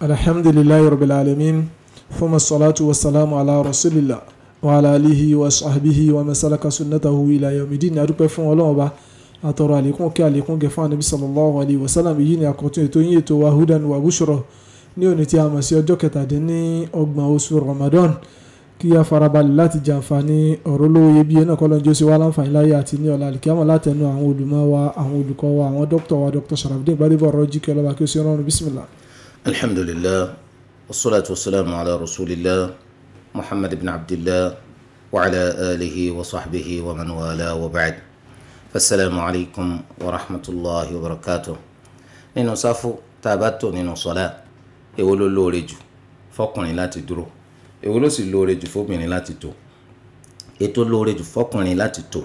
alhamdulilayi rabbil alamin fuma salatu wa salamu ala rasulillah wa ala alihi wa sahbihi wa masalaka sunnatahu ila yomidin adúpẹ́ fún Ọlọ́run Ọba atọrọ àlékún kí àlékún gẹ fún anabi sallallahu alayhi wa sallam èyí ni àkọtún ètò yín ètò wa hudan wa bushro ní òní tí a mọ̀ sí ọjọ́ kẹtàdínlọ́gbọ̀n oṣù ramadan kí a farabalẹ̀ láti jàǹfààní ọ̀rọ̀ olówó iyebíye náà kọ́lọ́n jẹ́ ó ṣe wá láǹfààní láyé àti ní ọ̀la àlìkíyàmọ̀ látẹnu àwọn olùmọ̀ wa àwọn olùkọ́ wa àwọn dókítà wa dr sharafdin gbadebo ọ̀rọ̀ jíkẹ́ ọlọ́ba kí ó ṣe rọrùn bísímìlá. الحمد لله والصلاة والسلام على رسول الله محمد بن عبد الله وعلى آله وصحبه ومن والاه وبعد فالسلام عليكم ورحمة الله وبركاته نينو سافو تاباتو نينو صلاة يقولوا إيه لوريجو فوقني لا تدرو يقولوا إيه سي لوريجو فوقني لا تدرو ètò lóore jù fọkùnrin láti tò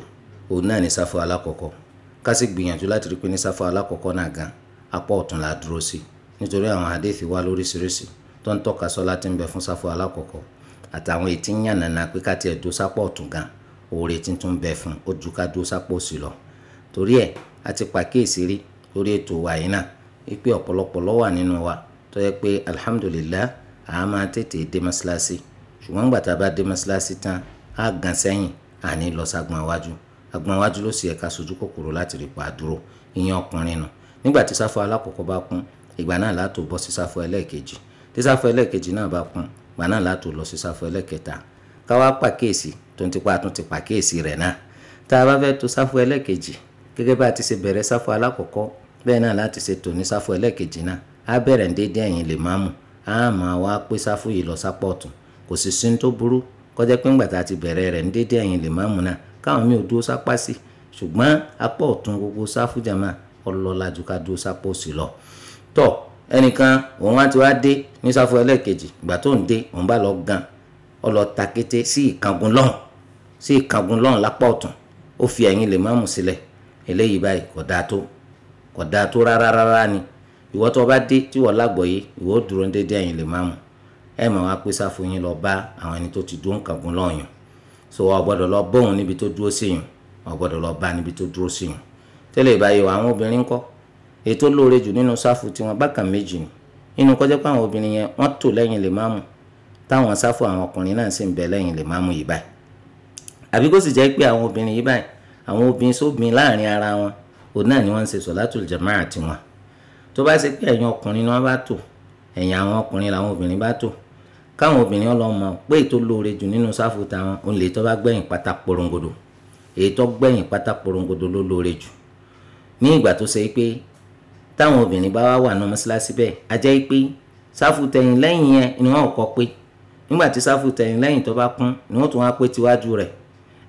òun náà ní sáfù alákọ̀ọ́kọ́ ká sì gbìyànjú láti rí pé ní sáfù alákọ̀ọ́kọ́ náà gan apá ọ̀tún la dúró sí i nítorí àwọn àdéhìí wá lóríṣiríṣi tó ń tọ́ka sọ́lá tí ń bẹ fún sáfù alákọ̀ọ́kọ́ àtàwọn ètí ń yàn nànà pé ká tiẹ̀ dó sápọ̀ ọ̀tún gan òòrè tí tún bẹ fún ó ju ká dó sápọ̀ òsì lọ torí ẹ̀ a ti pàkíyèsí rí lórí ètò wàyí náà wípé ọ̀pọ̀lọpọ̀ ló wà nínú wa tó yẹ pé alhamdulillah a máa tètè dé mọ́ṣáláṣí ṣùgbọ́n gbàtà bá dé mọ́ṣáláṣí tán á gan sẹ́yìn àní lọ sagbọn iwájú agbọn iwájú ló sì yẹ ká sojú kòkòrò láti rí pa dúró ìyẹn ọkùnrin nù nígbà tí sáfù alákọ̀ọ́kọ́ bá kún ìgbà náà látò bọ́ sí sáfù ẹlẹ́ẹ̀kejì tí sáfù ẹlẹ́ẹ̀kejì náà bá kún ìgbà náà látò lọ sí sáfù ẹlẹ́ẹ̀kẹta káwá pàkíyèsí tó ń tipa tún ti pàkíyèsí rẹ̀ náà tá a bá fẹ́ to sáfù ẹlẹ́ẹ̀kejì gẹ́gẹ́ bá a ti ṣe bẹ̀rẹ̀ sáfù alákọ̀ọ́kọ́ bẹ́ẹ̀ náà láti ṣe tò ní sáfù ẹlẹ́ẹ̀kejì náà á bẹ̀rẹ̀ déédé ẹ̀yìn lè máàmù á máa wá pé sáfù yìí lọ sápọ̀ ọ̀tún kò sì sí tó burú kọjá pé ńgbà tá a ti bẹ̀rẹ̀ rẹ̀ déédé ẹ̀yìn lè máàmù náà káwọn mi ò dúró sápá sí ṣùgbọ́n apá ọ̀tún gbogbo sáfù jàmá ọlọ́lá ju ká dúró sápá òsì lọ tọ̀ ẹnìkan òun á ti wá dé ní sáfù ẹlẹ́ẹ̀kejì ìgbà tó ń dé òun bá lọ gan ọ lọ ta kété sí ìkángun lọ́hùn sí ìkángun lọ́hùn lápá ọ̀tún ó fi ẹ̀yìn lè máàmù sílẹ̀ eléyìí báyìí kò dáa tó kò dáa tó rárá rárá ni ìwọ tó bá dé tí wọ́n lágbọ̀ọ́yé ìwọ dúró déédéé ẹ̀yìn lè máàmù ẹ̀ mà wá pé sáfù yín lọ bá àwọn ẹni tó ti dún ìkángun lọ́hùn yàn so ọ gbọ́dọ̀ lọ bóun níbi èyí tó lóore jù nínú sáfù tiwọn bákan méjì ni nínú kọjá pé àwọn obìnrin yẹn wọ́n tò lẹ́yìn lè máàmù táwọn sáfù àwọn ọkùnrin náà sì ń bẹ lẹ́yìn lè máàmù yìí báyìí àbí kó sì jẹ́ pé àwọn obìnrin yìí báyìí àwọn obìnrin sóbìn láàrin ara wọn òun náà ni wọ́n ń ṣe sọ̀látùl jàmáà tiwọn tó bá ṣe pé ẹ̀yìn ọkùnrin ni wọ́n bá tò ẹ̀yìn àwọn ọkùnrin làwọn obìnrin bá tò káwọn obìnrin ọlọmọ pé ètò lóore jù nínú sáfù táwọn òun lè tó bá gbẹ̀yìn pátá porongodo èyí tó gbẹ̀yìn pátá porongodo ló lóore jù ní ìgbà tó ṣe pé táwọn obìnrin bá wá wà ní mọ́ṣáláṣí bẹ́ẹ̀ a jẹ́ pé sáfù tẹ̀yìn lẹ́yìn yẹn ni wọ́n kọ́ pé nígbà tí sáfù tẹ̀yìn lẹ́yìn tó bá kún ni wọ́n tún wá pé tiwájú rẹ̀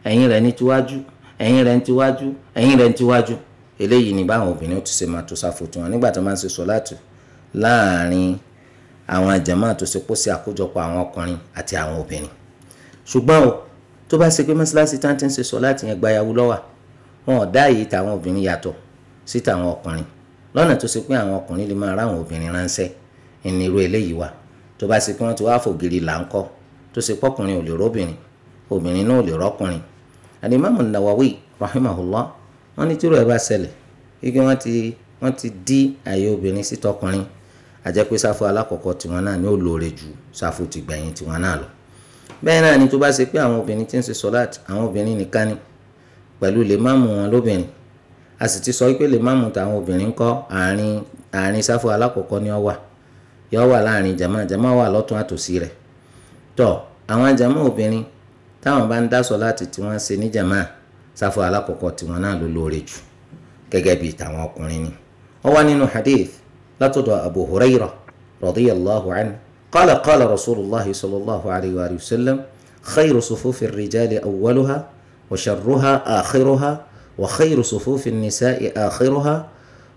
ẹ̀yìn rẹ̀ ní tiwájú ẹ̀yìn rẹ̀ ní tiwájú ẹ̀yìn rẹ̀ ní tiwájú eléyìí ni báwọn obìnrin ó ti ṣe máa tó sáfù tiwọn nígbà tó máa ń ṣe sọ́láàtù láàrin àwọn àjàmá tó ṣe pọ̀ sí àkójọpọ̀ àwọn ọkùnrin àti àwọn obìnrin ṣùgbọ́n o tó bá ṣe pé mọ́ṣáláṣí tá ti ń ṣe sọ́láàtù yẹn gbayàwó lọ́wà wọn ò dá èyí tàwọn obìnrin yàtọ̀ sí tàwọn ọkùnrin lọ́nà tó ṣe pé àwọn ọkùnrin lè máa ráwọn obìnrin ránṣẹ́ ìnirú eléyìí wà tó bá ṣe pé wọ́n ti wá fògiri là ń kọ́ tó ṣe pọ́kùnrin ò lè róbìnrin obìnrin náà ò lè rọ́kùnrin Al-Imam An-Nawawi rahimahullah wọ́n ní tírò ẹ̀ bá ṣẹlẹ̀ igi wọ́n ti wọ́n ti dí àyè obìnrin sí tọkùnrin àjẹpé sáfù alákọ̀ọ́kọ́ tiwọn náà ní olóore ju sáfù tìgbẹ̀yìn tiwọn náà lọ bẹ́ẹ̀ náà ni tó bá ṣe pé àwọn obìnrin ti ń ṣe sọ́láàtì àwọn obìnrin nìkan ni pẹ̀lú lè má mú wọn lóbìnrin a sì ti sọ wípé lè máàmù tàwọn obìnrin kọ́ àárín àárín sáfù alákọ̀ọ́kọ́ ni ó wà yóò wà láàrin jama jama wà lọ́tún àtòsí rẹ̀ tọ́ àwọn jama obìnrin táwọn bá ń dá sọ̀láàtì tí wọ́n ṣe ní jama sáfù alákọ̀ọ́kọ́ tiwọn náà ló lóore jù gẹ́gẹ́ bíi tàwọn ọkùnrin ni. ó wá nínú hadith látọ̀dọ̀ abu hurairah radiyallahu anhu qala qala rasulillah sallallahu alayhi wa sallam khayru sufufi rijali awwaluha wa sharruha akhiruha وخير صفوف النساء آخرها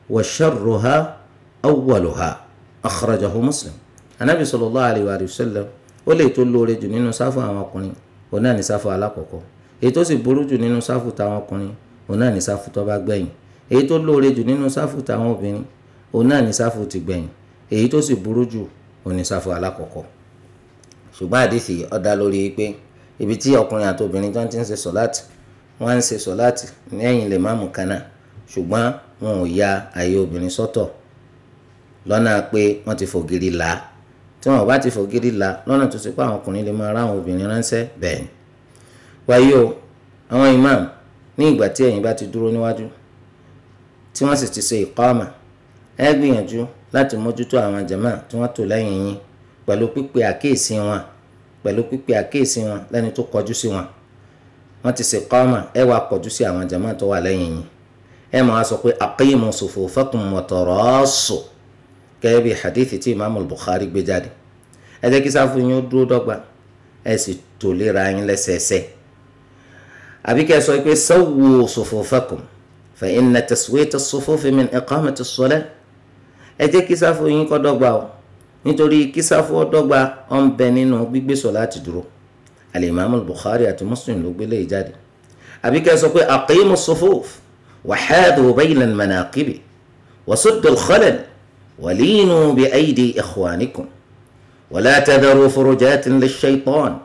وشرها أولها أخرجه مسلم النبي صلى الله عليه وآله وسلم ó lè tó lóore jù nínú sáfù àwọn ọkùnrin òun náà ní sáfù alákọ̀ọ́kọ́ èyí tó sì burú jù nínú sáfù táwọn ọkùnrin òun náà ní sáfù tó bá gbẹ̀yìn èyí tó lóore jù nínú sáfù táwọn obìnrin òun náà ní sáfù ti gbẹ̀yìn èyí tó sì burú jù òun ní sáfù alákọ̀ọ́kọ́ ṣùgbọ́n àdìsí ó dá lórí pé ibi tí ọkùnrin àti obìnrin tó ń ti ń ṣe sọ̀láàtì wọ́n á ń ṣe sọ̀láàtì ní ẹ̀yìn lè má mú kanáà ṣùgbọ́n wọn ò ya àyè obìnrin sọ́tọ̀ lọ́nà pé wọ́n ti fògiri là á tí wọn ò bá ti fògiri là á lọ́nà tó ṣe pé àwọn ọkùnrin lè máa rá àwọn obìnrin ránṣẹ́ bẹ́ẹ̀ ni. wáyé o àwọn imam ní ìgbà tí ẹ̀yin bá ti dúró níwájú tí wọ́n sì ti ṣe ìkọ́ọ̀mà ẹ gbìyànjú láti mójútó àwọn jàmá tí wọ́n tò lẹ́yìn yín pẹ̀lú pípe àkíyèsí wọn pẹ̀lú pípe àkíyèsí wọn lẹ́ni tó kọjú sí wọn wọ́n ti ṣe kọ́mà ẹ wàá pọ̀jù sí àwọn jama tó wà lẹ́yìn yìí ẹ máa sọ pé aqimu sufufakum wa tarasu gẹ́gẹ́ bí hadithi tí imaamu Bukhari gbé jáde ẹ jẹ́ kí sáfù yín ó dúró dọ́gba ẹ sì tò léra yín lẹ́sẹẹsẹ àbí kẹ́ ẹ sọ pé sawwu sufufakum fa inna taswita as-sufufi min iqamati as-salah ẹ jẹ́ kí sáfù yín kó dọ́gba o nítorí kí sáfù ó dọ́gba ó ń bẹ nínú gbígbé láti dúró الإمام البخاري مسلم لو بلي جادي أبي كاسوكي أقيم الصفوف وحاذوا بين المناقب وسد الخلل ولينوا بأيدي إخوانكم ولا تذروا فرجات للشيطان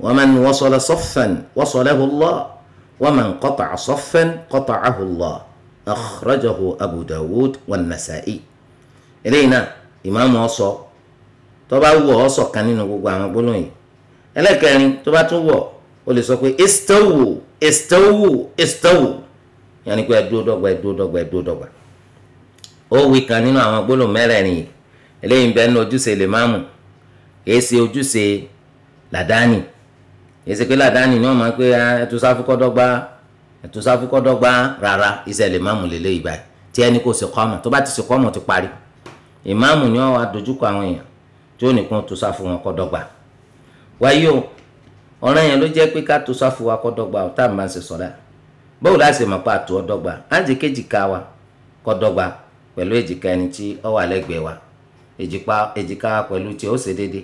ومن وصل صفا وصله الله ومن قطع صفا قطعه الله أخرجه أبو داود والنسائي إلينا إمام وصل طبعا هو وصل كان يقول ẹlẹ́kẹrin tó bá tún wọ̀ o lè sọ pé istawu istawu istawu yẹn ni pé ẹdúró dọ́gba ẹdúró dọ́gba ẹdúró dọ́gba ó wí kan nínú àwọn gbólóhùn mẹ́rẹ̀ẹ̀rin yìí eléyìí ń bẹ nínú ojúṣe lèmáàmù kìí ṣe ojúṣe làdáni kìí ṣe pé làdáni ni wọ́n máa ń pé ẹtù sáfúkọ́ dọ́gba ẹtù sáfúkọ́ dọ́gba rárá iṣẹ́ lèmáàmù lélẹ́yìí báyìí tí ẹni kò ṣe kọ́mọ̀ tó bá ti ṣe kọ́mọ̀ ti parí ìmáàmù ni wọ́n wá dojúkọ àwọn èèyàn tí ó nìkan tó sáfù dọ́gba wáyé o ọ̀ràn yẹn ló jẹ́ pé ká tó sáfù wa kọ́ dọ́gba ọ̀ tá à ń bá ń ṣe sọ́lá báwo la ṣe mọ̀ pé àtò ọ̀dọ́gba á jẹ́ kéjìká wa kọ́ dọ́gba pẹ̀lú èjìká ẹni tí ó wà lẹ́gbẹ̀ẹ́ wa èjìká wa pẹ̀lú tiẹ̀ ó ṣe déédé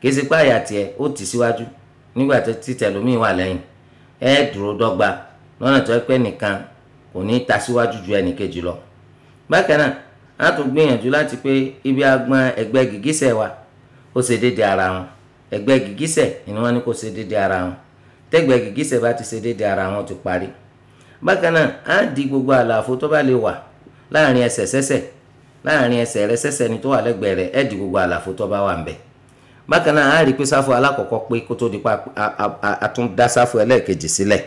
kì í ṣe pé àyà tiẹ̀ ó tì síwájú nígbà tó ti tẹ̀lómìn wà lẹ́yìn ẹ dúró dọ́gba lọ́nà tó pẹ́ nìkan kò ní ta síwájú ju ẹnìkejì lọ bákan náà á tún gbìyànjú láti pé ibi agbọn ẹgbẹ́ gìgísẹ̀ wa ó ṣe déédé ara wọn ẹ̀gbẹ́ gìgísẹ̀ ni wọ́n ní kó ṣe déédéé ara wọn tẹ́gbẹ́ gìgísẹ̀ bá ti ṣe déédéé ara wọn ti parí bákan náà á di gbogbo àlàfo tó bá lè wà láàrin ẹsẹ̀ sẹ́sẹ̀ láàrin ẹsẹ̀ rẹ sẹ́sẹ̀ ni tó wà lẹ́gbẹ̀ẹ́ rẹ ẹ di gbogbo àlàfo tó bá wà ń bẹ̀ bákan náà á rí pé sáfù alákọ̀ọ́kọ́ pé kó tó di pa àtúndá sáfù ẹlẹ́ẹ̀kejì sílẹ̀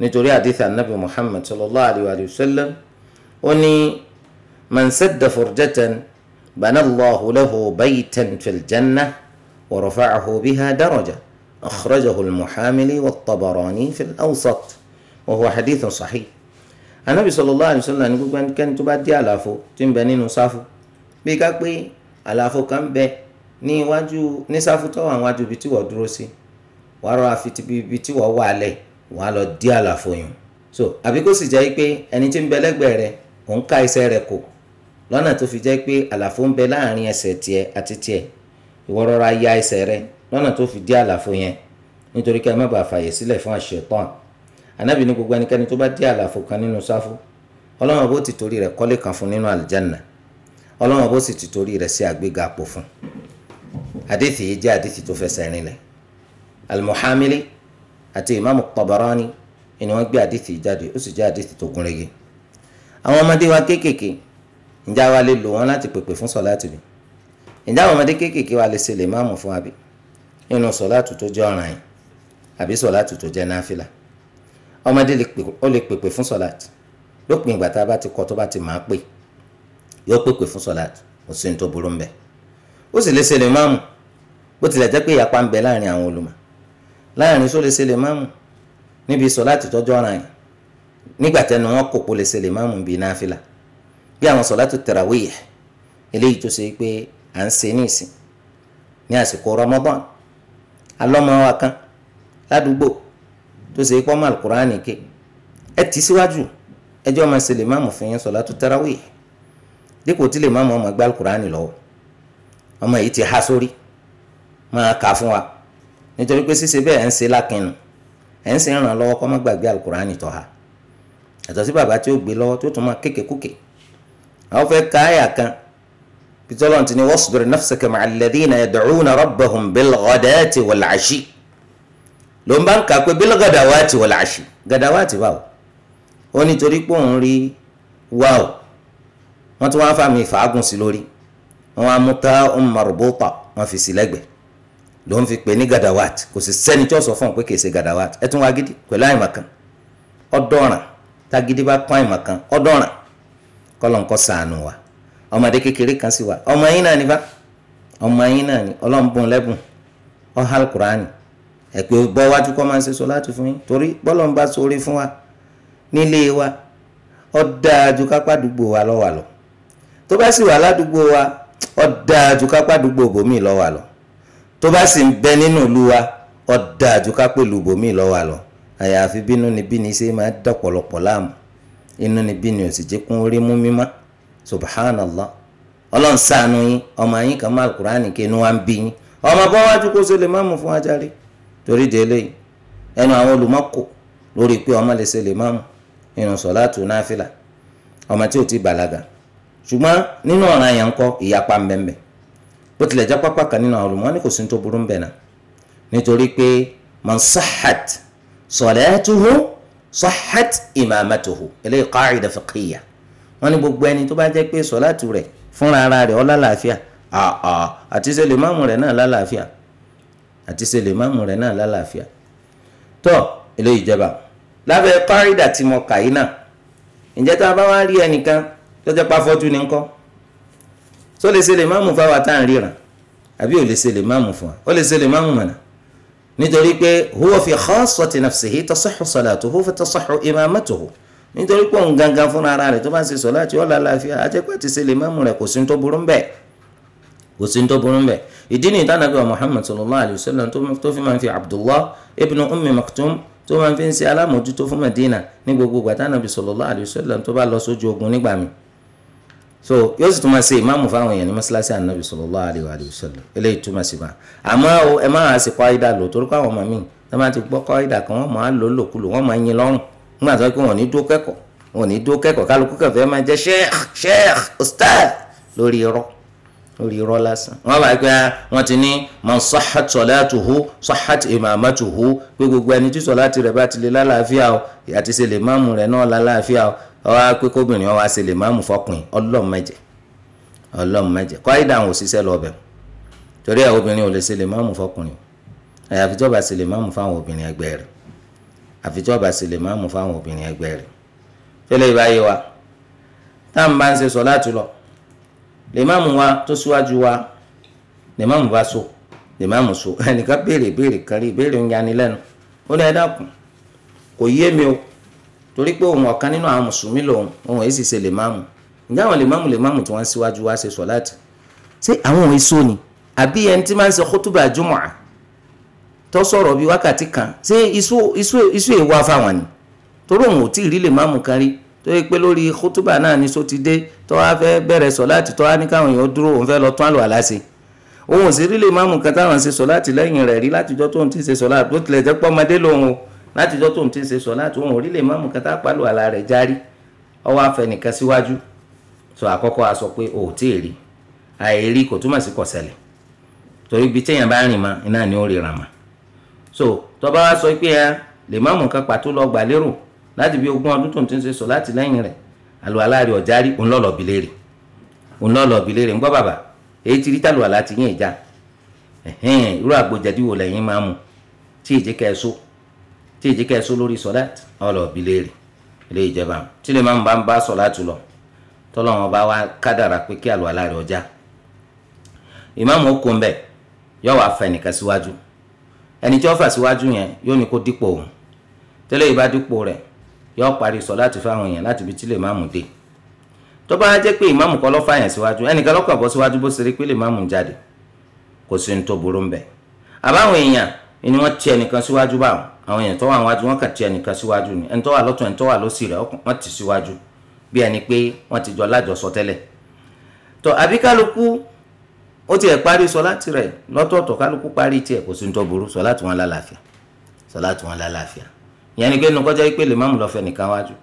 nítorí àdìsí anabi muhammad sallallahu alayhi wa sallam ó ní ورفعه بها درجة أخرجه المحاملي والطبراني في الأوسط وهو حديث صحيح anabi sallallahu alayhi wa sallam ní gbogbo ẹnikẹ́ni tó bá dé àlàfo tí ń bẹ nínú sáfù bí ká pé àlàfo kan bẹ ní iwájú ní sáfù tó wà níwájú ibi tí wọ́n dúró sí wàá rọ àfi ti ibi tí wọ́n wà lẹ̀ wàá lọ dé àlàfo yùn so àbí kó sì jẹ́ pé ẹni tí ń bẹ lẹ́gbẹ̀ẹ́ rẹ̀ òun ká ẹsẹ̀ rẹ̀ kò lọ́nà tó fi jẹ́ pé àlàfo ń bẹ láàrin ẹsẹ̀ tiẹ̀ àti tiẹ̀ ìwọ rọra ya ẹsẹ̀ rẹ lọ́nà tó fi dí àlàfo yẹn nítorí kí a má bàa fàyè sílẹ̀ fún àṣetán anábì ní gbogbo ẹnikẹ́ni tó bá dí àlàfo kan nínú sáfù ọlọ́run bó ti torí rẹ̀ kọ́lé kan fún nínú àlìjánà ọlọ́run bó sì ti torí rẹ̀ sí àgbéga àpò fún àdìsí yìí jẹ́ àdìsí tó fẹsẹ̀ rinlẹ̀ alimuhamili àti imaamu Tabarani ni wọ́n gbé àdìsí yìí jáde ó sì jẹ́ àdìsí tó gúnrégé àwọn ọmọdé wa kéékèèké ǹjẹ́ àwa lè lò wọ́n láti pèpè fún ǹjẹ́ àwọn ọmọdé kéékèèké wa lè ṣe lè máàmù fún wa bí nínú sọ̀láàtù tó jẹ́ ọ̀ràn yìí àbí sọ̀láàtù tó jẹ́ náfìlà ọmọdé ó lè pèpè fún sọ̀láàtù lópin ìgbà tá a bá ti kọ́ tó bá ti máa pè yóò pèpè fún sọ̀láàtù kò sí ní tó burú mbẹ́ ó sì lè ṣe lè máàmù bó tilẹ̀ jẹ́ pé ìyapa ń bẹ láàrin àwọn olùmọ̀ láàrin só lè ṣe lè máàmù níbi sọ̀láàtù tó jẹ́ ọ̀ràn yìí nígbà tẹnu wọn kò kó lè ṣe lè máàmù bíi náfìlà bí àwọn sọ̀láàtù tó ṣe à ń ṣe ní ìsìn ní àsìkò Ramadan alọ́mọ wa kan ládùúgbò tó ṣe pọ́nmọ́ alukur'ani ké ẹ tì í síwájú ẹjọ́ máa ṣe lè má mọ̀ fún yín sọ̀látù tarawih dípò tí lè má mọ̀ ọmọ gbá alukur'ani lọ́wọ́ ọmọ yìí ti há sórí máa kà fún wa nítorí pé ṣíṣe bẹ́ẹ̀ ń ṣe lákìnnù ẹ̀ ń ṣe ràn lọ́wọ́ kọ́ má gbàgbé alukur'ani tó há bàbá tí ó gbé lọ́wọ́ tó tún máa kéke kúkè àwọn fẹ́ ka àyà kan bitọ́lọ́n ti واصبر نفسك مع الذين يدعون ربهم rabbahum bilghadati wal 'ashi ló ń bá ń kà pé bilghadawati wal واو. ما báwo ó nítorí سلوري. òun rí wáò wọ́n tún wáá fàmì ìfàágùn sí lórí wọ́n wá mú tá um marbuta wọ́n fi sí lẹ́gbẹ̀ẹ́ ló ń fi pè ní gadawat kò sì sẹ́ni tí ó sọ fún un pé kì í ṣe gadawat ẹ tún wá gidi pẹ̀lú àìmọ̀kan ọ̀dọ́ràn tágídí bá kọ́ àìmọ̀kan ọ̀dọ́ràn kọ́lọ́n kọ́ ṣàánú wa ọmọdé kékeré kan sì wà ọmọ yín náà ní bá ọmọ yín náà ní ọlọ́nbọ̀n lẹ́bùn ọ̀hál kùránì ẹ̀pẹ́ bọ́ wájú kọ́ máa ń ṣe sọ láti fún yín torí bọ́lọ̀ sórí fún wa nílé wa ó dáa ju kápá àdúgbò wa lọ́wọ́ àlọ́ tó bá sì wà ládùúgbò wa ó dáa ju kápá àdúgbò bòmí lọ́wọ́ àlọ́ tó bá sì ń bẹ nínú ìlú wa ó dáa ju kápá ìlú bòmí lọ́wọ́ àlọ́ àyàfi bínú ni bí ṣe máa dọ̀pọ̀lọpọ̀ láàmú inú ni bí ni ò orí mú mímá subhanallah ọlọ́run ṣàánú yín ọmọ yín kan má alukur'ani kí inú wa ń bí yín ọmọ bọ́ wájú kó ṣe lè má mú fún ajáre torí délé yìí ẹnu àwọn olùmọ́kò lórí pé ọmọ lè ṣe lè má mú nínú sọ̀láàtù náfìlà ọmọ tí ò ti bàlágà ṣùgbọ́n nínú ọ̀ràn yẹn ń kọ́ ìyapa mbẹ́mbẹ́ bó tilẹ̀ jẹ́ pápá kan nínú àwọn olùmọ́ kò sí tó burú mbẹ́ náà nítorí pé mansahat salatuhu sahat imamatuhu eléyìí qa'ida fiqhiyya wọ́n ní gbogbo ẹni tó bá jẹ́ pé sọ́láàtù rẹ̀ fúnra ara rẹ̀ ó lálàáfíà àti ṣe lè máàmù rẹ̀ náà lálàáfíà àti ṣe lè máàmù rẹ̀ náà lálàáfíà tó ilé ìjọba lábẹ́ kọ́rídà tí mo kà yìí náà ǹjẹ́ tá a bá wá rí ẹnìkan tó jẹ́ pàfọ́jú ni ńkọ́ tó lè ṣe lè máàmù fáwa tá ríran àbí ò lè ṣe lè máàmù fún wa ó lè ṣe lè máàmù mọ̀nà nítorí pé huwa fi khassati nafsihi tasihhu salatuhu fa tasihhu imamatuhu nítorí pé òun gangan fúnra ara rẹ̀ tó bá ń ṣe sọ̀lá àti ọ̀la àlàáfíà àtẹ́pẹ́ ti ṣe lè mọ́mú rẹ̀ kò sí ní tó burú ń bẹ̀ kò sí ní tó burú ń bẹ̀ ìdí ni ìtànàbí wa Muhammad sallallahu alayhi wa sallam tó fi máa ń fi Abdullah ibn Ummi Maktum tó máa ń fi ń ṣe alámòjútó fún Madina ní gbogbo gbàtànàbí sallallahu alayhi wa sallam tó bá lọ sójú ogun nígbà mi so yóò sì tún máa ṣe ìmáàmù fáwọn èèyàn ní mọ́ṣáláṣí ànábì sallallahu alayhi wa sallam eléyìí tún máa ṣe máa àmọ́ ẹ máa ṣe kọ́ ayídà lò torí pé àwọn ọmọ mi tẹ́ máa ti gbọ́ kọ́ ayídà kan wọ́n máa lò lòkulò wọ́n máa yin lọ́rùn nígbà tó kí wọn ò ní dúró kẹ́kọ̀ọ́ wọn ò ní dúró kẹ́kọ̀ọ́ kálukú kẹfẹ́ máa jẹ́ sheikh sheikh ustaz lórí irọ́ lórí irọ́ lásán. wọ́n bá gbé wọn ti ní man sahhat salatuhu sahhat imamatuhu pé gbogbo ẹni tí sọ̀láàtì rẹ̀ bá ti lè lálàáfíà o àti ṣe lè máàmù rẹ̀ náà lálàáfíà o ọwọ́ pé kóbìnrin ọwọ́ ṣe lè máàmù fọkùnrin ọlọ́ọ̀ mẹ́jẹ̀ kọ́ àyàfi tó bá ṣe lè máàmù fáwọn obìnrin ẹgbẹ́ rẹ̀ àfi tí ọba sì lè máa mú fáwọn obìnrin ẹgbẹ́ rẹ̀ tẹ́lẹ̀ ìbáyé wa tá n bá ń ṣe sọ láti lọ lè má mú wa tó síwájú wa lè má mú wa so lè má mú so ẹnìkan béèrè béèrè kan rí béèrè ń yani lẹ́nu ó ní ẹ dákun kò yé mi o torí pé òun ọ̀kan nínú àwọn mùsùlùmí lòun òun èyí ṣe lè má mú ǹjẹ́ àwọn lè má mú lè má mú tí wọ́n ń síwájú wa ṣe sọ láti ṣé àwọn èso ni àbí ẹni tí máa ń ṣe kótóbà jùmọ̀ à tó sọ̀rọ̀ bíi wákàtí kan isu isu isu iṣu èèwà fáwọn ni torí òun ò tí ì rí lè má mú kan rí tó yẹ pé lórí kótóbà náà ni sọ ti dé tó wá fẹ́ bẹ̀rẹ̀ sọ láti tó wá ní káwọn èèyàn dúró òun fẹ́ lọ tún àlọ́ àlá ṣe òun ò sì rí lè má mú kan táwọn ṣe sọ láti lẹ́yìn rẹ̀ rí látijọ́ tó ń ti ṣe sọ láti bó tilẹ̀ jẹ́ pọ́mọdé lòun o látijọ́ tó ń ti ṣe sọ láti òun ò rí lè má mú kan tá pàlọ́ àlá rẹ̀ járí ọwọ́ afẹnìkan síwájú sọ àkọ́kọ́ a sọ pé o ò tí ì rí àìrí kò túmọ̀ sí kọ̀sẹ̀lẹ̀ torí ibi téèyàn bá rìn mọ́ iná ni ó ríran mọ́ so tọba wa sọ pé ẹ lè má mú nǹkan pàtó lọ gbà lérò láti bí ogún ọdún tó ń ti ń ṣe sọ láti lẹ́yìn rẹ̀ àlùwàlá rẹ̀ ọ̀já rí òun lọ́lọ́ bi léèrè òun lọ́lọ́ bi léèrè ń gbọ́ bàbà èyí ti rí tàlùwàlá ti yín ìjà irú àgbòjẹ̀dí wo lẹ́yìn máa mu tí èjì kẹ́ ẹ so tí èjì kẹ́ ẹ so lórí sọ̀lá ọ̀lọ́ léèrè ilé ìjọba tí lè bá ń bá sọ̀lá lọ tọ́lọ́ wọn bá wá ẹni tí wọ́n fà síwájú yẹn yóò ní kó dípò òun tẹ́lẹ̀ yìí bá dípò rẹ̀ yóò parí sọ láti fáwọn èèyàn láti ibi tí lè máàmù dé tó bá jẹ́ pé ìmáàmù kọ́ ló fà yẹn síwájú ẹnìkan lọ́kàn bọ́ síwájú bó ṣe rí pé lè máàmù jáde kò sí ní tó burú ń bẹ̀ àbáwọn èèyàn ni wọ́n ti ẹnìkan síwájú báwọn àwọn èèyàn tó wà wájú wọn kàn ti ẹnìkan síwájú ni ẹni tó wà lọ́tún ẹni tó wà lọ́sì rẹ̀ wọ́n ti síwájú bí ẹni pé wọ́n ti jọ lájọsọ tẹ́lẹ̀ tó àbíkálukú ó tiẹ̀ parí sọlá tirẹ̀ lọ́tọ̀ọ̀tọ̀ kálukú parí tiẹ̀ kò sí ní tó burú sọlá tí wọ́n lálàáfíà sọlá tí wọ́n lálàáfíà ìyẹn ni pé inú kọjá pé lè máàmù lọ́fẹ̀ẹ́ nìkan wájú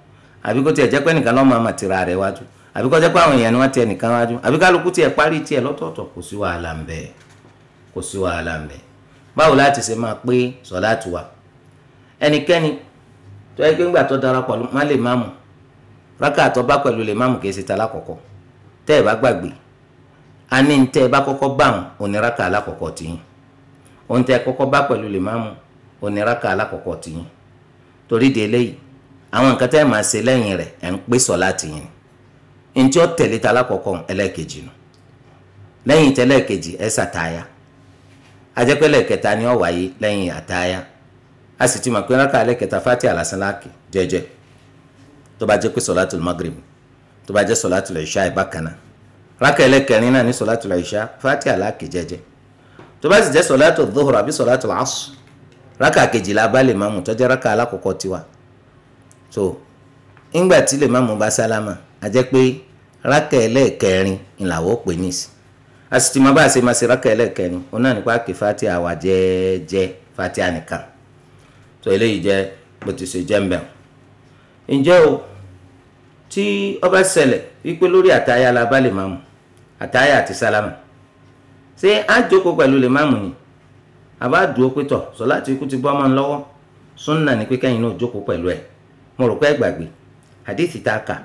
àbí kó tiẹ̀ jẹ́ pé nìkan lọ́mọ àmà tira rẹ̀ wájú àbí kó pé àwọn èèyàn ni wọ́n tiẹ̀ nìkan wájú àbí kálukú tiẹ̀ parí tiẹ̀ lọ́tọ̀ọ̀tọ̀ kò sí wàhálà ń bẹ kò sí wàhálà tu wa ẹnikẹ́ni tó yẹ pé ńgbà tó darapọ̀ má lè máàmù rákà tó bá pẹ̀lú lè a ní ní tẹ́ ẹ bá kọ́kọ́ bá àwọn oníraka alákọ̀ọ́kọ́ tiyín ohun tẹ́ ẹ kọ́kọ́ bá pẹ̀lú lè má mu oníraka alákọ̀ọ́kọ́ tiyín torí de eléyìí àwọn nǹkan tẹ́ ẹ máa ṣe lẹ́yìn rẹ̀ ẹ̀ ń pè sọ láti yín ni ntí ó tẹ̀lé ta alákọ̀ọ́kọ́ ẹlẹ́ẹ̀kejì nù lẹ́yìn tẹ́lẹ̀kejì ẹ ṣàtàyà ajẹ́pẹ́lẹ̀ kẹta ni ó wáyé lẹ́yìn àtàyà a sì ti mọ̀ pé rákà raka kẹrin náà ní sọ̀látù làìṣá fati láàkì jẹjẹ tó bá sì jẹ́ sọ̀látù dhuhur àbí sọ̀látù asr rákà kejìlá bá lè máa mú tiwa so ńgbà tí lè mamu bá sálámà a jẹ́ pé raka kẹrin ìlàwọ́ pè ní ìsìn asìtì bá a ṣe máa ṣe rákẹ́lẹ́ kẹrin òun náà nípa kí fatiha wà jẹ́ẹ́jẹ́ fatiha nìkan so eléyìí jẹ́ ti ṣe o tí la bá lè àtàyà àti sálámà ṣé á jókòó pẹ̀lú lè máàmù ni àbá dúró pé tọ̀ sọ láti ikú ti bọ́ ọmọ lọ́wọ́ súnà ní pípẹ́ yìí náà jókòó pẹ̀lú ẹ̀ mo rò pé ẹ gbàgbé hadithi tá a kà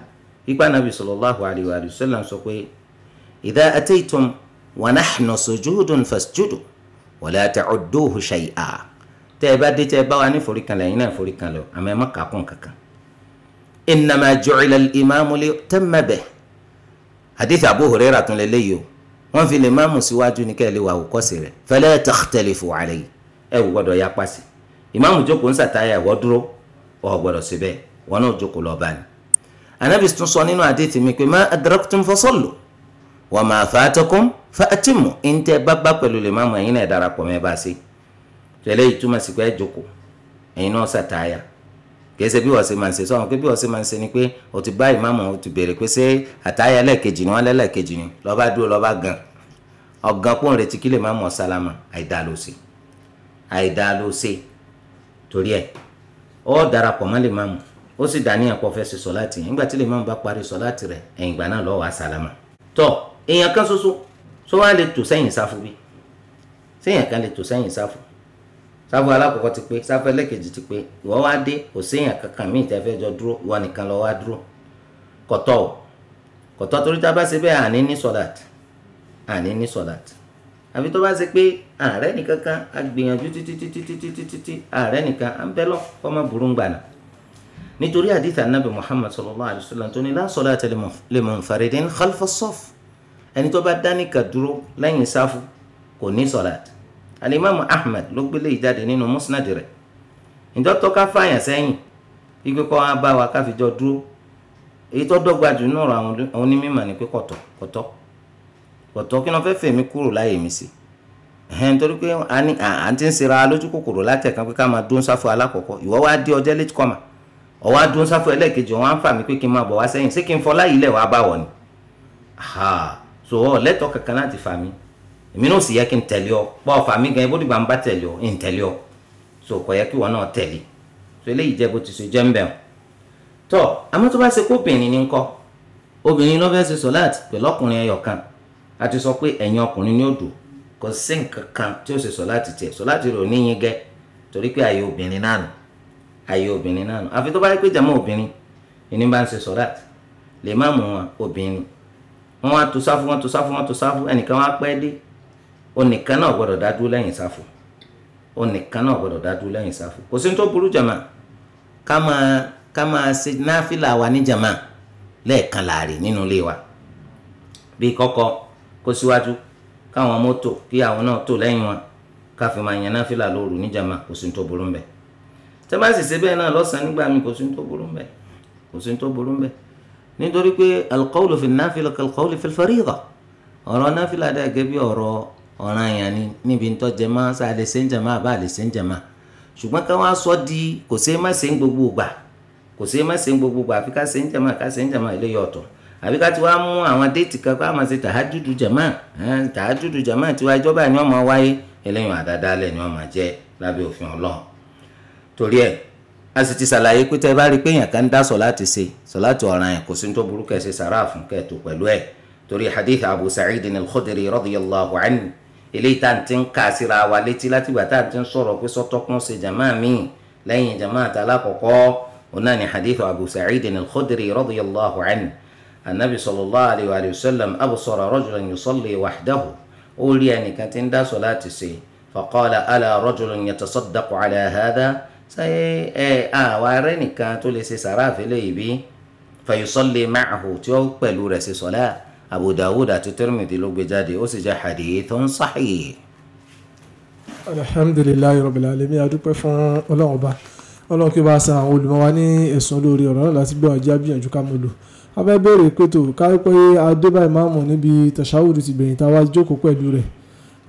ipa nàbì sallallahu alayhi wa sallam sọ pé idha ataytum wa nahnu sujudun fasjudu wa la ta'udduhu shay'a tẹ́ ẹ bá dé tẹ́ ẹ bá wa ní foríkanlẹ̀ ẹ̀yin náà foríkanlẹ̀ àmọ́ ẹ má kàákùn kankan innama ju'ila al-imamu li yu'tamma àdìsí Abu Huraira tún lè léyìí o wọ́n fi lè má mú síwájú ní kẹ́ ẹ lè wà wò kọ́sì rẹ̀ fala takhtalifu alayhi ẹ wò gbọ́dọ̀ ya pàṣẹ ìmáàmù jókòó ń sàtáyà ìwọ́ dúró ọ̀ gbọ́dọ̀ síbẹ̀ wọn náà jókòó lọ́ọ́ bá ní. anabi tún sọ nínú àdìsí mi pé ma adraktum fasallu wa ma fatakum fa atimmu ìǹtẹ́ bá bá pẹ̀lú lè máàmù ẹ̀yin náà darapọ̀ mẹ́ sí tẹ̀lé ìtumọ̀ sí pé ẹ jókòó ẹ̀yin náà sàtáyà kìí bí wọ́n ṣe máa ń ṣe sọ́wọ́n pé bí wọ́n ṣe máa ń ṣe ni pé o ti bá ìmáàmù o ti béèrè pé ṣé àtàyà lẹ́ẹ̀kejì ni wọ́n lẹ́ẹ̀kejì ni lọ́ba dúró lọ́ba gan ọ̀gán pọ̀ ń retí kí lè mọ̀ sálámà àìdá ló ṣe àìdá ló ṣe torí ẹ̀ ó darapọ̀ mọ́ lè mọ̀ ó sì fẹ́ ṣe sọ láti yẹn nígbà tí lè mọ̀ bá parí sọ láti rẹ̀ ẹ̀yìn ìgbà náà èèyàn kan kan lè tò sẹ́yìn sáfù alákọ̀ọ́kọ́ ti pé sáfù ẹlẹ́kejì ti pé ìwọ wá dé kò séèyàn kankan míì tẹ́ fẹ́ jọ dúró ìwọ nìkan lọ wá dúró kọ̀tọ́ o kọ̀tọ́ torí tá a bá ṣe bẹ́ẹ̀ àní ní sọ̀dàt àní ní sọ̀dàt àfi tó bá ṣe pé ààrẹ nìkan kan á gbìyànjú títítítítítítí ààrẹ nìkan á ń bẹ́ lọ kọ́ má burú ń gbànà nítorí àdìtà nàbì Muhammad sallallahu alayhi wa sallam tó ní la salata li munfaridin khalfa as-saff ẹni tó bá dá nìkan dúró lẹ́yìn sáfù kò ní sọ̀dàt alimami ahmed ló gbélé ìjáde nínú musnad rẹ̀ ǹjọ́ tó ká fààyàn sẹ́yìn igbe kọ́ wọn bá wa káfíjọ dúró èyí tó dọ́gba jù nínú ọ̀rọ̀ àwọn onímọ̀ ni pé kọ̀tọ̀ kọ̀tọ̀ kọ̀tọ̀ kí wọ́n fẹ́ fèmí kúrò láyè mi sí ẹ̀hẹ́n nítorí pé à ń ti ń sera lójú kòkòrò láti ẹ̀kan pé ká máa dún sáfù alákọ̀ọ́kọ́ ìwọ́ wá dé ọjọ́ létí kọ́mà ọwọ́ dún sáfù ẹlẹ́ẹ̀kejì wọ́n á ń fà mí pé kí n máa bọ̀ wá sẹ́yìn ṣé kí n fọlá yìí lẹ̀ wá bá wọ̀ ni so ọ̀ lẹ́tọ̀ọ́ kankan láti fà mí èmi náà sì yẹ kí n tẹ̀lé ọ pọ́ ọ̀fà mi gan ibódìgbà ń bá tẹ̀lé ọ ń tẹ̀lé ọ so kò yẹ kí wọn náà tẹ̀lé so eléyìí jẹ́ bó ti so jẹ́ ń bẹ̀ ọ́ tọ́ àmọ́ tó bá ṣe kó obìnrin ní kọ́ obìnrin ló fẹ́ẹ́ ṣe sọ̀láàtì pẹ̀lú ọkùnrin ẹyọ kan a ti sọ pé ẹ̀yin ọkùnrin ní òdò kò sí nǹkan kan tí ó ṣe sọ̀láàtì tiẹ̀ sọ̀láàtì rò níyìn gẹ́ torí pé àyè obìnrin náà nù àyè obìnrin náà nù àfi tó bá rí pé jàmọ́ obìnrin ìní bá ń ṣe sọ̀láàtì lè má mú wọn obìnrin wọn wá tó sáfù wọn tó sáfù wọn tó sáfù ẹnìkan wá pẹ́ dé onìkan náà gbọ́dọ̀ dá dúró lẹ́yìn sáfù onìkan náà gbọ́dọ̀ dá dúró lẹ́yìn sáfù kò sí ní tó burú jàmá ká máa ká máa ṣe náfìlà wa ní jàmá lẹ́ẹ̀kan láàrin nínú ilé wa bí kọ́kọ́ kó síwájú káwọn mọ́tò kí àwọn náà tò lẹ́yìn wọn ká fi máa yan náfìlà lóru ní jàmá kò sí ní tó burú mbẹ̀ tẹ́ bá sì ṣe bẹ́ẹ̀ náà lọ́sàn-án nígbà mi kò sí ní tó burú mbẹ̀ kò sí ní tó burú mbẹ̀ nítorí pé alqawlu fi náfìlà kalqawli fi fariida ọ̀rọ̀ náfìlà dà gẹ́gẹ́ bí ọ̀rọ̀ ọ̀ràn èèyàn ni níbi ń tọ́jẹ máa sá lè ṣe ń jẹ̀má àbá lè ṣe ń jẹ̀má ṣùgbọ́n ká wá sọ di kò ṣe é má ṣe ń gbogbo gbà kò ṣe é má ṣe ń gbogbo gbà àfi ká ṣe ń jẹ̀má ká ṣe ń jẹ̀má ilé yọ̀tọ̀ àbí ká ti wá mú àwọn déètì kan ká máa ṣe tàhájúdù jẹ̀má tàhájúdù jẹ̀má tiwa ìjọba ni wọ́n máa wáyé eléyìn àdádálẹ̀ ni wọ́n máa jẹ́ lábẹ́ òfin ọlọ́run torí ẹ̀ a sì ti ṣàlàyé pé tẹ́ bá rí i pé èèyàn kan ń dá sọ̀láàtì ṣe sọ̀láàtì ọ̀ràn yẹn kò sí tó burú ṣe sàráà fún kẹ́ẹ̀tù pẹ̀lú ẹ̀ torí hadith abu sa'id al-khudri radiyallahu anhu eléyìí tá à ń ti ń kà síra wa létí látìgbà tá à ń ti ń sọ̀rọ̀ pé sọ́tọ́kùn ṣe jàmáà míì lẹ́yìn jàmáà tá alákọ̀ọ́kọ́ ọ̀nà ni hadith abu sa'id al-khudri radiyallahu anhu anabi sallallahu alayhi wa sallam absara rajulan yusalli wahdahu ó rí ẹnìkan tí ń dá sọ̀láàtì ṣe faqala ala rajulun yatasaddaqu ala hadha ṣe ẹ àwa rẹ̀ nìkan tó lè ṣe sàráàfẹ́ lẹ́yìn bí fa yusalli ma'ahu tí ó pẹ̀lú rẹ̀ ṣe sọ̀láàtì Abu Dawud àti Tirmidhi ló gbé jáde ó sì jẹ́ hadithun sahih. alhamdulilayi rabbil alamin adúpẹ́ fún ọlọ́run ọba ọlọ́run kí bá san àwọn olùmọ̀ wa ní ẹ̀sùn lórí ọ̀rọ̀ náà láti gbọ́ àjẹ́ àbíyànjú ká mọ̀ lò abẹ́ bèrè pé tó kárí pé adébá ìmáàmù níbi tàṣàwùdù ti bẹ̀yìn tá a wá jókòó pẹ̀lú rẹ̀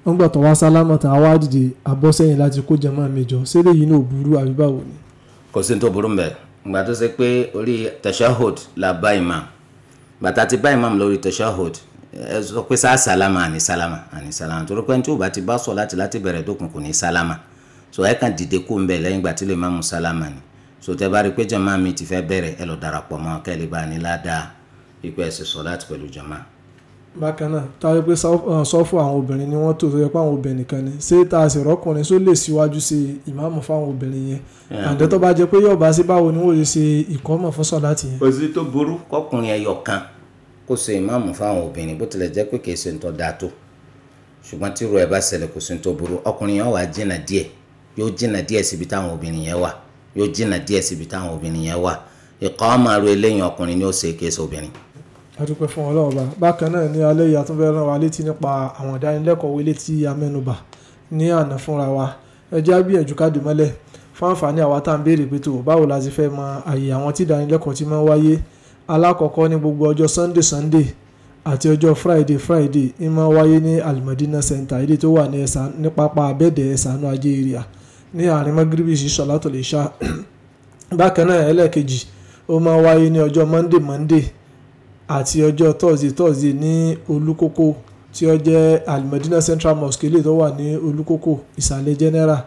nígbà tó wá sálámà tá a wá dìde àbọ̀ sẹ́yìn láti kó jẹ́ máa mẹ́jọ yìí náà burú àbí báwo ni. kò sí ní tó burú mbẹ ìgbà tó ṣe pé orí tàṣàwùd la bá ìmáàmù bàtà ti bá imam lórí tashahud ẹ sọ pé sá sálámà àní sálámà àní sálámà torí pé tí o bá ti bá sọ láti láti bẹ̀rẹ̀ tó kùn ní sálámà so ẹ kàn dìde kó ń bẹ̀ lẹ́yìn ìgbà tí lè má mu sálámà ni so tẹ bá rí pé jàmáà mi ti fẹ́ bẹ̀rẹ̀ ẹ lọ darapọ̀ mọ́ kẹ́lẹ́ bá ní ládàá ipò ẹ̀sìn sọ láti pẹ̀lú jàmáà bákan náà tá a yẹ pé sọ́fù àwọn obìnrin ni wọ́n tò tó yẹ pé àwọn obìnrin nìkan ni ṣé tá a sì rọ́kùnrin só lè síwájú sí ìmáàmù fáwọn obìnrin yẹn àǹdẹ́ tó bá jẹ́ pé yọ̀ọ̀bá sí báwo ni wọ́n lè ṣe ìkọ́mọ̀ fún sọ̀láàtì yẹn. òsì tó burú kọkùnrin ẹyọ kan kó ṣe ìmáàmù fáwọn obìnrin bó tilẹ̀ jẹ́ pé kì í ṣe nǹkan dáa tó ṣùgbọ́n tí irú ẹ̀ bá ṣẹlẹ̀ kò sí tó burú ọkùnrin yẹn ni ó ṣe kí ẹ adúpẹ́ fún ọlọ́run ọba bákan náà ní alẹ́ yìí a fẹ́ rán wa létí nípa àwọn ìdánilẹ́kọ̀ọ́ wọlé tí a mẹ́nubà ní àná fúnra wa ẹjẹ́ á gbìyànjú káàdì mọ́lẹ̀ fún àǹfààní àwa tá à ń béèrè pé tó báwo la ti fẹ́ mọ àyè àwọn tí ìdánilẹ́kọ̀ọ́ ti máa ń wáyé alákọ̀ọ́kọ́ ní gbogbo ọjọ́ sunday sunday àti ọjọ́ friday friday ń máa wáyé ní almadina center ilé tó wà ní ẹ̀sà ní pápá abẹ́ẹ̀dẹ̀ ẹ̀sánú ajé area ní àárín magribi sí sọ̀látọ̀lẹ́sà bákan náà monday monday àti ọjọ́ thursday thursday ní olúkókó tí ó jẹ́ alimọ̀dínà central mosque ilé tó wà ní olúkókó ìsàlẹ̀ general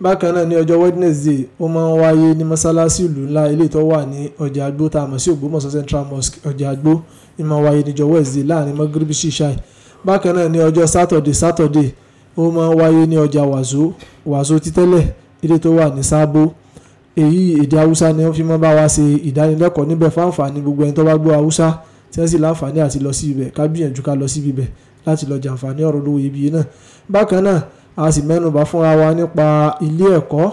bákan náà ní ọjọ́ wednesday ó máa ń wáyé ní mọ́sálásí ìlú ńlá ilé tó wà ní ọjà àgbó tá a mọ̀ sí ògbómọ̀ṣọ́ central mosque ọjà àgbó ní máa ń wáyé níjọ́ wednesday láàrin mọ́gíríbì ṣíṣàì bákan náà ní ọjọ́ saturday saturday ó máa ń wáyé ní ọjà wàzó wàzó títẹ́lẹ̀ ilé tó wà ní sábó èyí èdè haúsá ni wọ́n fi mọ́ bá wa ṣe ìdánilẹ́kọ̀ọ́ níbẹ̀ fáǹfààní gbogbo ẹni tó bá gbọ́ haúsá tí wọ́n sì láǹfààní àti lọ sí ibẹ̀ ká gbìyànjú ká lọ sí ibẹ̀ láti lọ jàǹfààní ọ̀rọ̀ olówó iyebíye náà bákan náà a sì mẹ́nubà fúnra wa nípa ilé ẹ̀kọ́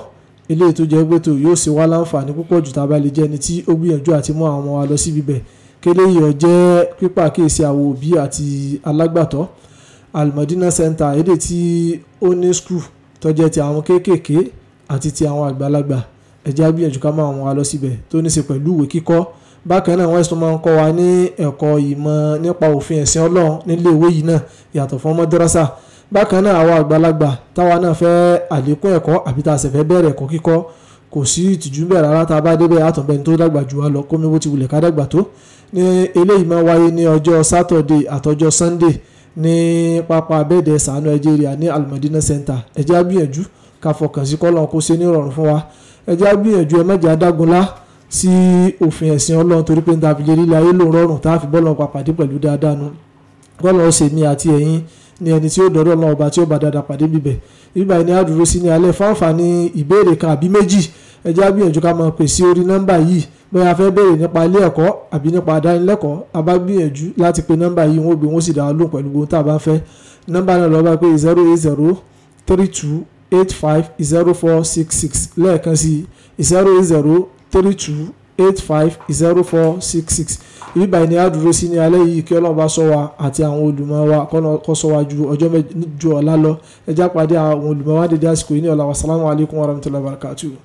ilé ètò jẹ́ pé tó yóò ṣe wá láǹfààní púpọ̀ jù tá lè jẹ́ ẹni tí ó gbìyànjú àti mú àwọn ọmọ wa lọ sí ibẹ̀ kéléyìí ó jẹ́ pípàkíyèsí àwọn òbí àti alágbàtọ́ al Center èdè tí ó ní skul tó jẹ́ ti àwọn kéékèèké àti ti àwọn àgbàlagbà ẹ̀jẹ̀ agbẹ̀yànjú ká máa wọn wa lọ síbẹ̀ tó ní í ṣe pẹ̀lú ìwé kíkọ́ bákan náà wọ́n tún máa ń kọ́ wa ní ẹ̀kọ́ ìmọ̀ nípa òfin ẹ̀sìn ọlọ́run nílé ìwé yìí náà yàtọ̀ fún mọ́dárásà bákan náà àwọn àgbàlagbà táwa náà fẹ́ àlékún ẹ̀kọ́ àbí tá a sì fẹ́ bẹ̀rẹ̀ ẹ̀kọ́ kíkọ́ kò sí ìtìjú bẹ́ẹ̀ rárá tá a bá débẹ̀ àtọ̀bẹ́ni tó dàgbà jù wá lọ kó mi ti wulẹ̀ ká dàgbà tó ní eléyìí máa wáyé ní ọjọ́ sátọ̀dé àtọjọ́ sànńdé ní pápá abẹ́ẹ̀dẹ̀ sànú ẹ̀jẹ̀ rẹ̀ ní al Center ẹ̀jẹ̀ á gbìyànjú ká fọkàn sí kọ́lọ́n kó ṣe nírọ̀rùn fún wa ẹ jẹ́ àgbìyànjú ẹ mẹ́jẹ̀ adágunlá sí òfin ẹ̀sìn ọlọ́run torí pé níta fìlẹ̀ líla ayé lòún rọrùn tá a fi bọ́ọ̀lù pàpàdé pẹ̀lú dáadáa nu bọ́ọ̀lù ọ̀sẹ̀ àti ẹ̀yin ni ẹni tí ó dọ̀dọ̀ náà ọba tí ó bá dáadáa pàdé bíbẹ̀ bíbá ẹni á dúró sí ní alẹ́ fáǹfààní ìbéèrè kan àbí méjì ẹ jẹ́ àgbìyànjú ká máa pè sí orí nọ́mbà yìí bóyá a fẹ́ nípa ilé ẹ̀kọ́ àbí nípa àdánilẹ́kọ̀ọ́ a láti pe nọ́mbà yìí wọ́n gbé wọ́n sì dá a lóhùn pẹ̀lú gbogbo tá a bá fẹ́ nọ́mbà náà lọ́ọ́ bá pé zero eight zero three two eight five zero four six six lẹ́ẹ̀kan sí zero eight zero three two eight five zero four six six ibi báyìí ni a dúró sí ní alẹ́ yìí kí ọlọ́run bá sọ wa àti àwọn olùmọ̀ wa kọ́ sọ wa ju ọjọ́ mẹ́jọ ọ̀la lọ ẹ já pàdé àwọn olùmọ̀ wa dédé àsìkò yìí ní ọ̀la wa salamu alaykum wa rahmatulahi wa barakatuhu.